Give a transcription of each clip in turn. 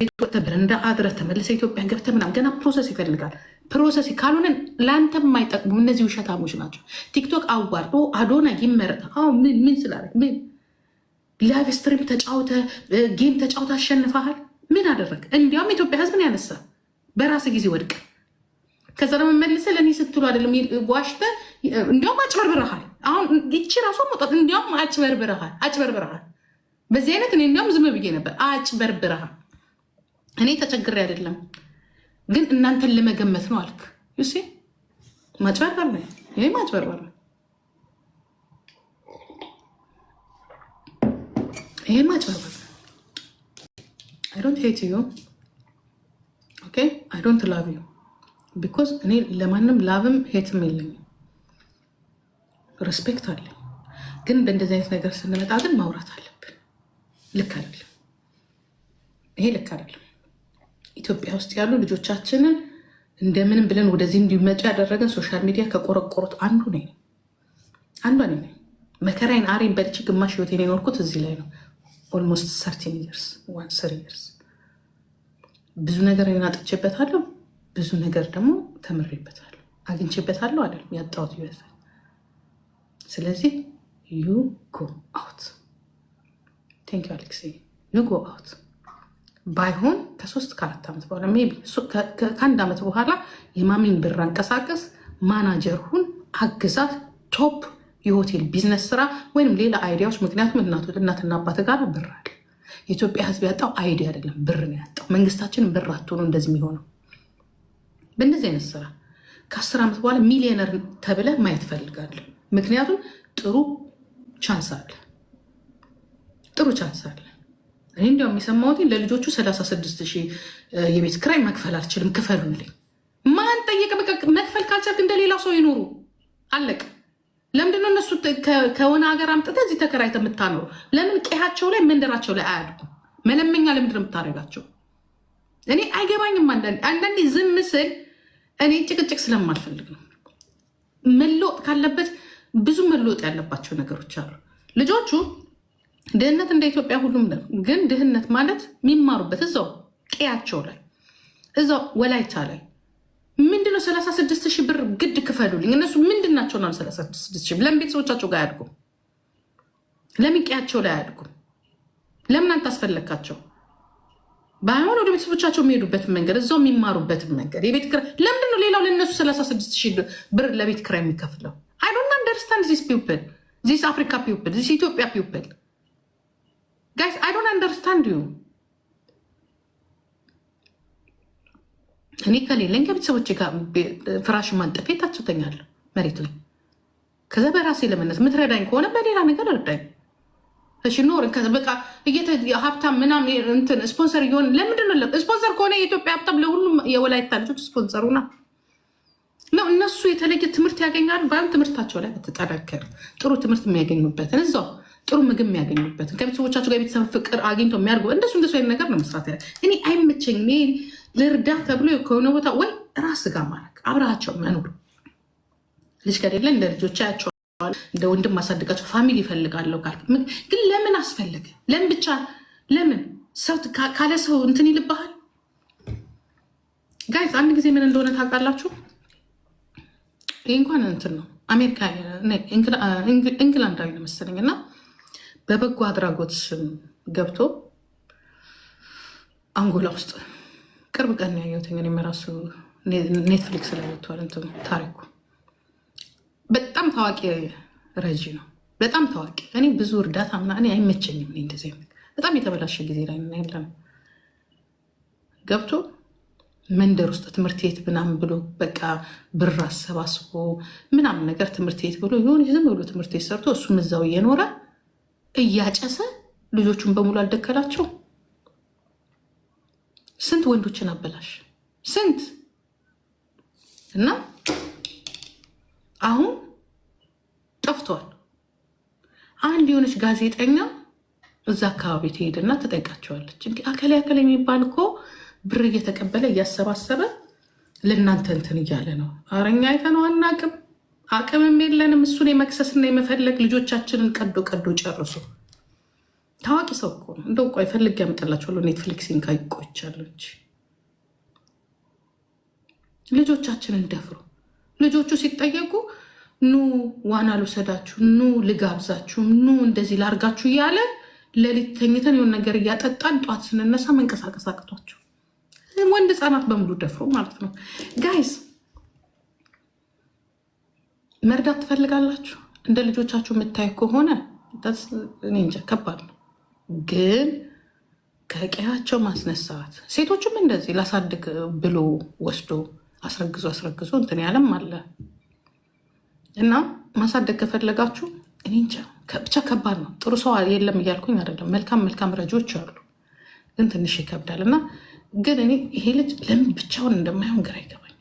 ቤት እንደ አድረህ ተመልሰ ኢትዮጵያን ገብተህ ምናምን ገና ፕሮሰስ ይፈልጋል። ፕሮሰስ ካልሆነን ለአንተ የማይጠቅሙ እነዚህ ውሸታሞች ናቸው። ቲክቶክ አዋርዶ አዶና ይመረጥ ምን ምን ስላደረግ ምን ላይቭ ስትሪም ተጫውተ ጌም ተጫውተ አሸንፈሃል። ምን አደረግ? እንዲያውም ኢትዮጵያ ህዝብን ያነሳ በራስ ጊዜ ወድቅ ከዛ ደግሞ ለእኔ ስትሉ አይደለም ዋሽተ እንዲያውም አጭበርብረሃል። አሁን ይቺ ራሷ መውጣት እንዲያውም አጭበርብረሃል፣ አጭበርብረሃል። በዚህ አይነት እኔ እንዲያውም ዝም ብዬ ነበር። አጭበርብረሃል እኔ ተቸግሬ አይደለም ግን እናንተን ለመገመት ነው አልክ። ዩሴ ማጭበርበር ነው፣ ይሄ ማጭበርበር ነው፣ ይሄ ማጭበርበር አይ ዶንት ሄት ዩ ኦኬ፣ አይ ዶንት ላቭ ዩ ቢኮዝ እኔ ለማንም ላቭም ሄትም የለኝም፣ ሬስፔክት አለ። ግን በእንደዚህ አይነት ነገር ስንመጣ ግን ማውራት አለብን። ልክ አይደለም፣ ይሄ ልክ አይደለም። ኢትዮጵያ ውስጥ ያሉ ልጆቻችንን እንደምንም ብለን ወደዚህ እንዲመጡ ያደረገን ሶሻል ሚዲያ ከቆረቆሩት አንዱ ነ አንዱ ነ መከራይን አሬን በልቼ ግማሽ ህይወቴን የኖርኩት እዚህ ላይ ነው። ኦልሞስት ሰርቲን ይርስ ዋን ስር ይርስ ብዙ ነገር አጥቼበታለሁ፣ ብዙ ነገር ደግሞ ተምሬበታለሁ፣ አግኝቼበታለሁ አይደለም ያጣሁት ይበታል። ስለዚህ ዩ ጎ አውት ቴንክ ዩ አሌክስ ዩ ጎ አውት ባይሆን ከሶስት ከአራት ዓመት በኋላ ቢ ከአንድ ዓመት በኋላ የማሚን ብር አንቀሳቀስ፣ ማናጀር ሁን፣ አግዛት፣ ቶፕ የሆቴል ቢዝነስ ስራ ወይም ሌላ አይዲያዎች። ምክንያቱም እናትና አባት ጋር ብር አለ። የኢትዮጵያ ሕዝብ ያጣው አይዲያ አይደለም ብር ነው ያጣው። መንግስታችን ብር አትሆኑ እንደዚህ የሚሆነው በእንደዚህ አይነት ስራ ከአስር ዓመት በኋላ ሚሊዮነር ተብለ ማየት ፈልጋለሁ። ምክንያቱም ጥሩ ቻንስ አለ፣ ጥሩ ቻንስ አለ። እኔ እንዲያውም የሰማሁት ለልጆቹ ሰላሳ ሺህ የቤት ክራይ መክፈል አልችልም ክፈሉልኝ። ማን ጠየቀ? በቃ መክፈል ካልቻልክ እንደሌላው ሰው ይኖሩ አለቅ። ለምንድነው እነሱ ከሆነ ሀገር አምጥተህ እዚህ ተከራይተህ የምታኖሩ? ለምን ቀያቸው ላይ መንደራቸው ላይ አያድጉም? መለመኛ ነው የምታደርጋቸው? እኔ አይገባኝም። አንዳንዴ ዝም ስል እኔ ጭቅጭቅ ስለማልፈልግ ነው። መለወጥ ካለበት ብዙ መለወጥ ያለባቸው ነገሮች አሉ ልጆቹ ድህነት እንደ ኢትዮጵያ ሁሉም ነው። ግን ድህነት ማለት የሚማሩበት እዛው ቀያቸው ላይ እዛው ወላይታ ላይ ምንድነው 36 ሺህ ብር ግድ ክፈሉልኝ። እነሱ ምንድን ናቸው ነው 36 ሺህ? ለምን ቤተሰቦቻቸው ጋር አያድጉም? ለምን ቀያቸው ላይ አያድጉም? ለምን አንተ አስፈለግካቸው? ባይሆን ወደ ቤተሰቦቻቸው የሚሄዱበትን መንገድ እዛው የሚማሩበትን መንገድ የቤት ኪራይ ለምንድነው ሌላው ለነሱ 36 ሺህ ብር ለቤት ኪራይ የሚከፍለው? አይ ዶንት አንደርስታንድ ዚስ ፒውፕል ዚስ አፍሪካ ፒውፕል ዚስ ኢትዮጵያ ፒውፕል ጋይስ አይ ዶንት አንደርስታንድ ዩ። እኔ ከሌለኝ ከቤተሰቦቼ ጋር ፍራሽ ማንጠፌ ታች መሬት ላይ። ከዛ በራሴ ለመነስ የምትረዳኝ ከሆነ በሌላ ነገር እርዳኝ። እሺ ኖር በቃ ሀብታም ምናምን እንትን ስፖንሰር እየሆን ለምንድን ስፖንሰር ከሆነ የኢትዮጵያ ሀብታም ለሁሉም የወላይታ ልጆች ስፖንሰሩ ና ነው። እነሱ የተለየ ትምህርት ያገኛሉ። ባይሆን ትምህርታቸው ላይ በተጠናከር ጥሩ ትምህርት የሚያገኙበትን እዛው ጥሩ ምግብ የሚያገኙበትን ከቤተሰቦቻቸው ጋር የቤተሰብ ፍቅር አግኝቶ የሚያደርጉ እንደሱ እንደሱ አይነት ነገር ነው መስራት እኔ አይመቸኝ እኔ ልርዳ ተብሎ ከሆነ ቦታ ወይ ራስ ጋር ማድረግ አብረሃቸው መኖር ልጅ ከሌለ እንደ ልጆች ያቸዋል እንደ ወንድም ማሳደጋቸው ፋሚሊ ይፈልጋለሁ ካልክ ግን ለምን አስፈለገ? ለምን ብቻ ለምን ሰው ካለ ሰው እንትን ይልባሃል። ጋይዝ አንድ ጊዜ ምን እንደሆነ ታውቃላችሁ? ይህ እንኳን እንትን ነው አሜሪካ፣ እንግላንዳዊ ነው መሰለኝ እና በበጎ አድራጎት ስም ገብቶ አንጎላ ውስጥ ቅርብ ቀን ያየሁት እንግዲህ የራሱ ኔትፍሊክስ ላይ ወጥቷል እንትኑ ታሪኩ። በጣም ታዋቂ ረጂ ነው። በጣም ታዋቂ እኔ ብዙ እርዳታ ምና እኔ አይመቸኝም። እንደዚህ በጣም የተበላሸ ጊዜ ላይ ያለ ገብቶ መንደር ውስጥ ትምህርት ቤት ምናምን ብሎ በቃ ብር አሰባስቦ ምናምን ነገር ትምህርት ቤት ብሎ የሆነ ዝም ብሎ ትምህርት ቤት ሰርቶ እሱም እዛው እየኖረ እያጨሰ ልጆቹን በሙሉ አልደከላቸው። ስንት ወንዶችን አበላሽ ስንት እና አሁን ጠፍቷል። አንድ የሆነች ጋዜጠኛ እዛ አካባቢ ትሄድና ትጠይቃቸዋለች። እንዲህ አከል አከሌ የሚባል እኮ ብር እየተቀበለ እያሰባሰበ ለእናንተ እንትን እያለ ነው። አረኛ እኛ አይተነው አናውቅም አቅምም የለንም እሱን የመክሰስና የመፈለግ ልጆቻችንን ቀዶ ቀዶ ጨርሱ። ታዋቂ ሰው እኮ ነው። እንደው ቆይ ፈልግ ያመጣላችኋለሁ። ኔትፍሊክስን ካዩ ቆይቻለች። ልጆቻችንን ደፍሩ። ልጆቹ ሲጠየቁ ኑ ዋና ልውሰዳችሁ፣ ኑ ልጋብዛችሁ፣ ኑ እንደዚህ ላርጋችሁ እያለ ሌሊት ተኝተን የሆነ ነገር እያጠጣን ጠዋት ስንነሳ መንቀሳቀስ አቅቷቸው ወንድ ህፃናት በሙሉ ደፍሮ ማለት ነው ጋይስ መርዳት ትፈልጋላችሁ እንደ ልጆቻችሁ የምታይ ከሆነ እንጃ ከባድ ነው። ግን ከቀያቸው ማስነሳት ሴቶችም እንደዚህ ላሳድግ ብሎ ወስዶ አስረግዞ አስረግዞ እንትን ያለም አለ እና ማሳደግ ከፈለጋችሁ እኔ እንጃ ብቻ ከባድ ነው። ጥሩ ሰው የለም እያልኩኝ አይደለም። መልካም መልካም ረጆች አሉ፣ ግን ትንሽ ይከብዳል እና ግን እኔ ይሄ ልጅ ለምን ብቻውን እንደማይሆን ግራ ይገባኝ።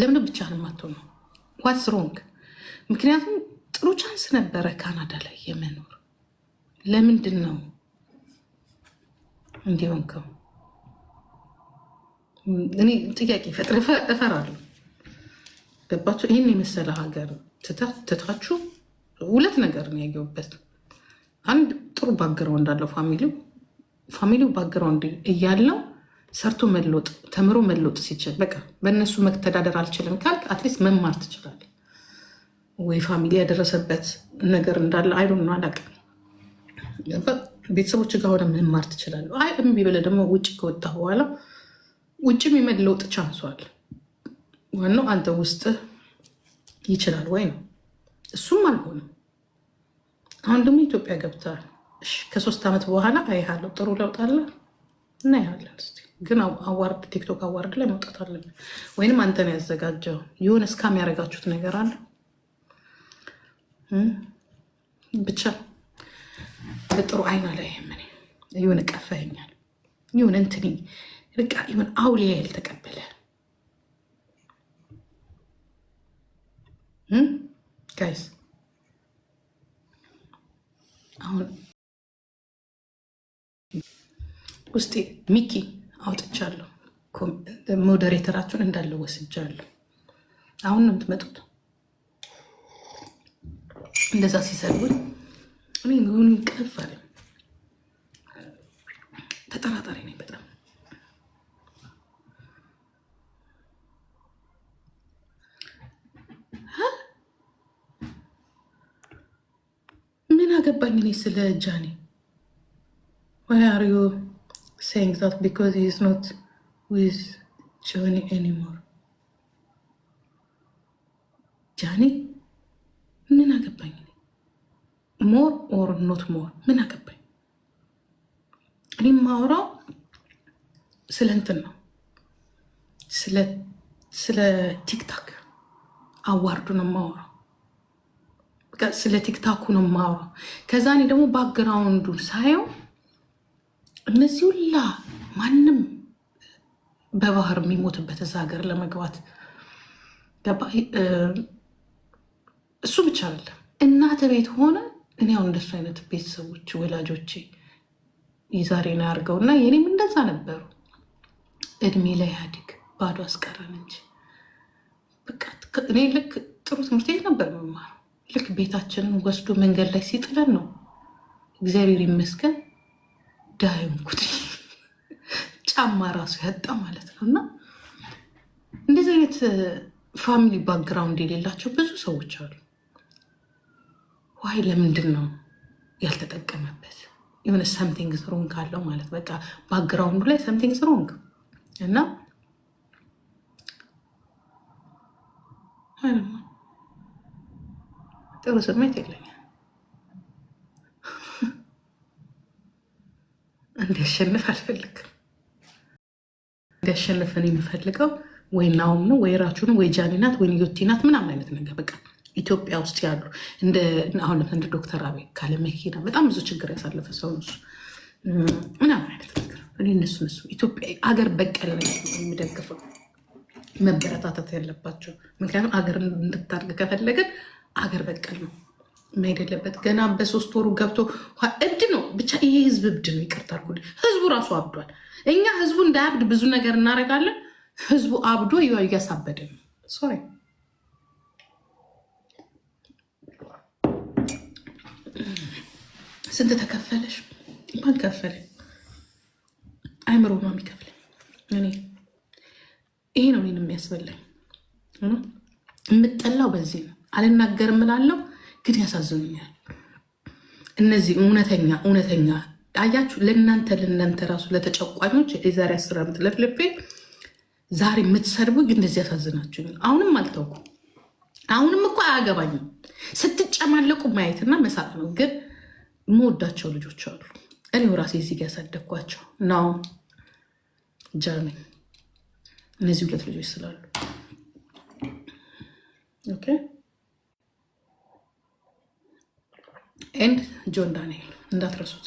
ለምን ብቻህን ማትሆን ነው ዋትስ ሮንግ? ምክንያቱም ጥሩ ቻንስ ነበረ ካናዳ ላይ የመኖር ለምንድን ነው እንዲሆንከው? እኔ ጥያቄ ፈጥር እፈራለሁ። ገባችሁ? ይህን የመሰለ ሀገር ትታችሁ ሁለት ነገር ነው ያየሁበት። አንድ ጥሩ ባገረው አለው ፋሚሊው ፋሚሊው ባግራውንድ እያለው ሰርቶ መለወጥ ተምሮ መለወጥ ሲችል በቃ በእነሱ መተዳደር አልችልም ካልክ አትሊስት መማር ትችላለህ ወይ ፋሚሊ ያደረሰበት ነገር እንዳለ አይ ነው አላውቅም። ቤተሰቦች ጋር ሆነ መማር ትችላለህ። አይ እምቢ ብለህ ደግሞ ውጭ ከወጣ በኋላ ውጭም የመለወጥ ቻንሷል። ዋናው አንተ ውስጥ ይችላል ወይ ነው። እሱም አልሆነም። አሁን ደግሞ ኢትዮጵያ ገብተሃል። ከሶስት ዓመት በኋላ አይሃለሁ ጥሩ ለውጥ አለ። እናያለን። ግን አዋርድ ቲክቶክ አዋርድ ላይ መውጣት አለብን፣ ወይንም አንተን ያዘጋጀው ይሁን እስካም ያደረጋችሁት ነገር አለ ብቻ በጥሩ አይና ላይ ምን ይሁን ቀፈኛል ይሁን እንትኒ ርቃ ይሁን አውሊያ ያልተቀበለ ጋይስ አሁን ውስጤ ሚኪ አውጥቻለሁ። ሞዴሬተራችሁን እንዳለ ወስጃለሁ። አሁን ነው የምትመጡት። እንደዛ ሲሰሩን እኔ ቀፍ አለ ተጠራጣሪ ነኝ በጣም ምን አገባኝ እኔ ስለ ጃኒ ወይ አሪዮ saying that because he's not with Johnny anymore። ጃኒ ምን አገባኝ? ሞር ኦር ኖት ሞር ምን አገባኝ? እኔ ማውራው ስለ እንትን ነው፣ ስለ ቲክታክ አዋርዱ ነው ማውራው ስለ ቲክታኩ ነው የማወራው ከዛ እኔ ደግሞ ባክግራውንዱ ሳየው እነዚህ ሁላ ማንም በባህር የሚሞትበት እዛ ሀገር ለመግባት እሱ ብቻ አይደለም። እናተ ቤት ሆነ እኔ አሁን እንደሱ አይነት ቤተሰቦች ወላጆቼ የዛሬ ነው ያርገው እና የኔም እንደዛ ነበሩ። እድሜ ላይ ያድግ ባዶ አስቀረን እንጂ እኔ ልክ ጥሩ ትምህርት ቤት ነበር መማር ልክ ቤታችንን ወስዶ መንገድ ላይ ሲጥለን ነው እግዚአብሔር ይመስገን ዳይንኩት ጫማ ራሱ ያጣ ማለት ነው። እና እንደዚህ አይነት ፋሚሊ ባክግራውንድ የሌላቸው ብዙ ሰዎች አሉ። ዋይ ለምንድን ነው ያልተጠቀመበት? የሆነ ሰምቲንግ ስሮንግ ካለው ማለት በቃ ባክግራውንዱ ላይ ሰምቲንግ ስሮንግ እና ጥሩ ስሜት የለም። እንዲያሸንፍ አልፈልግም። እንዲያሸንፈን የምፈልገው ወይ ናውም ነው ወይ ራቹ ነው ወይ ጃኒ ወይ ዮቲናት ናት ምናምን አይነት ነገር በቃ ኢትዮጵያ ውስጥ ያሉ አሁን እንደ ዶክተር አብይ ካለ መኪና በጣም ብዙ ችግር ያሳለፈ ሰው እሱ ምናምን አይነት ነገር እኔ እነሱ እነሱ ኢትዮጵያ አገር በቀል የሚደግፈው መበረታታት ያለባቸው ምክንያቱም አገር እንድታድግ ከፈለግን አገር በቀል ነው። መሄድ የለበት ገና በሶስት ወሩ ገብቶ እብድ ነው። ብቻ ይሄ ህዝብ እብድ ነው። ይቅርታ አድርጉልኝ። ህዝቡ ራሱ አብዷል። እኛ ህዝቡ እንዳያብድ ብዙ ነገር እናደርጋለን። ህዝቡ አብዶ እያሳበደ ነው። ሶሪ ስንት ተከፈለሽ? ማን ከፈለ? አይምሮ ማ ይከፍለኝ? እኔ ይሄ ነው እኔን የሚያስበላኝ። የምጠላው በዚህ ነው። አልናገርም እላለሁ ግን ያሳዝኑኛል። እነዚህ እውነተኛ እውነተኛ አያችሁ፣ ለእናንተ ለእናንተ ራሱ ለተጨቋኞች የዛሬ አስር ዓመት ለፍልፌ ዛሬ የምትሰድቡኝ እንደዚህ ያሳዝናችሁኝ። አሁንም አልተውኩ፣ አሁንም እኮ አያገባኝም። ስትጨማለቁ ማየትና መሳቅ ነው። ግን የምወዳቸው ልጆች አሉ። እኔው ራሴ እዚህ ጋ ያሳደግኳቸው ነው። ጀርመን እነዚህ ሁለት ልጆች ስላሉ ኦኬ ኤንድ ጆን ዳንኤል እንዳትረሱት።